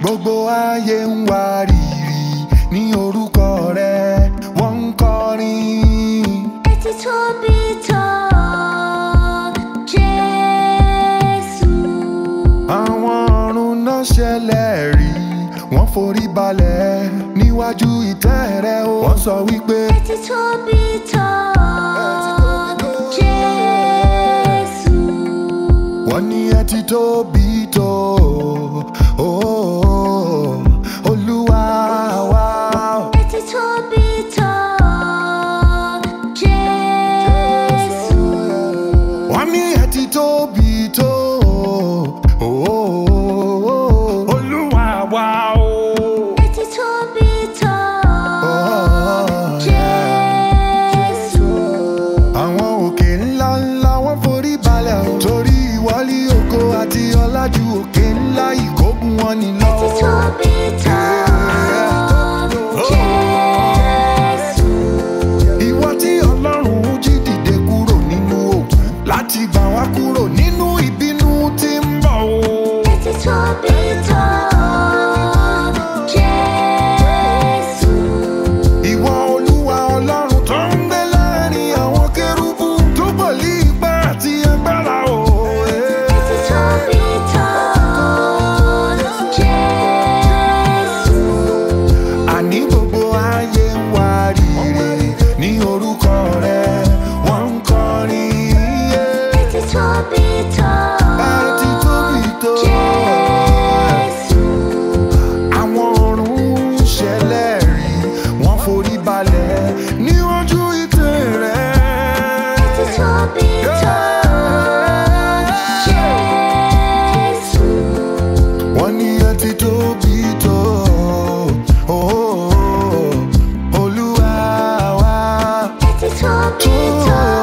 gbogbo ayé ń wárìrì ní orúkọ rẹ wọ́n ń kọrin. ẹ ti tóbi tó Jésù. àwọn ọ̀run náà ṣẹlẹ̀ rí wọ́n forí balẹ̀ níwájú ìtẹ́ rẹ o. wọ́n sọ wípé. ẹ tóbi tó Jésù. wọ́n ní ẹ tóbi tó. ti Bito, tó. Oh. Olúwa wa o. Ẹ ti tóbi tó. Jésù. Àwọn òkè ńlá ńlá wọ́n forí balẹ̀ o. Torí ìwọ́lí ògo àti ọlá ju òkè 哦。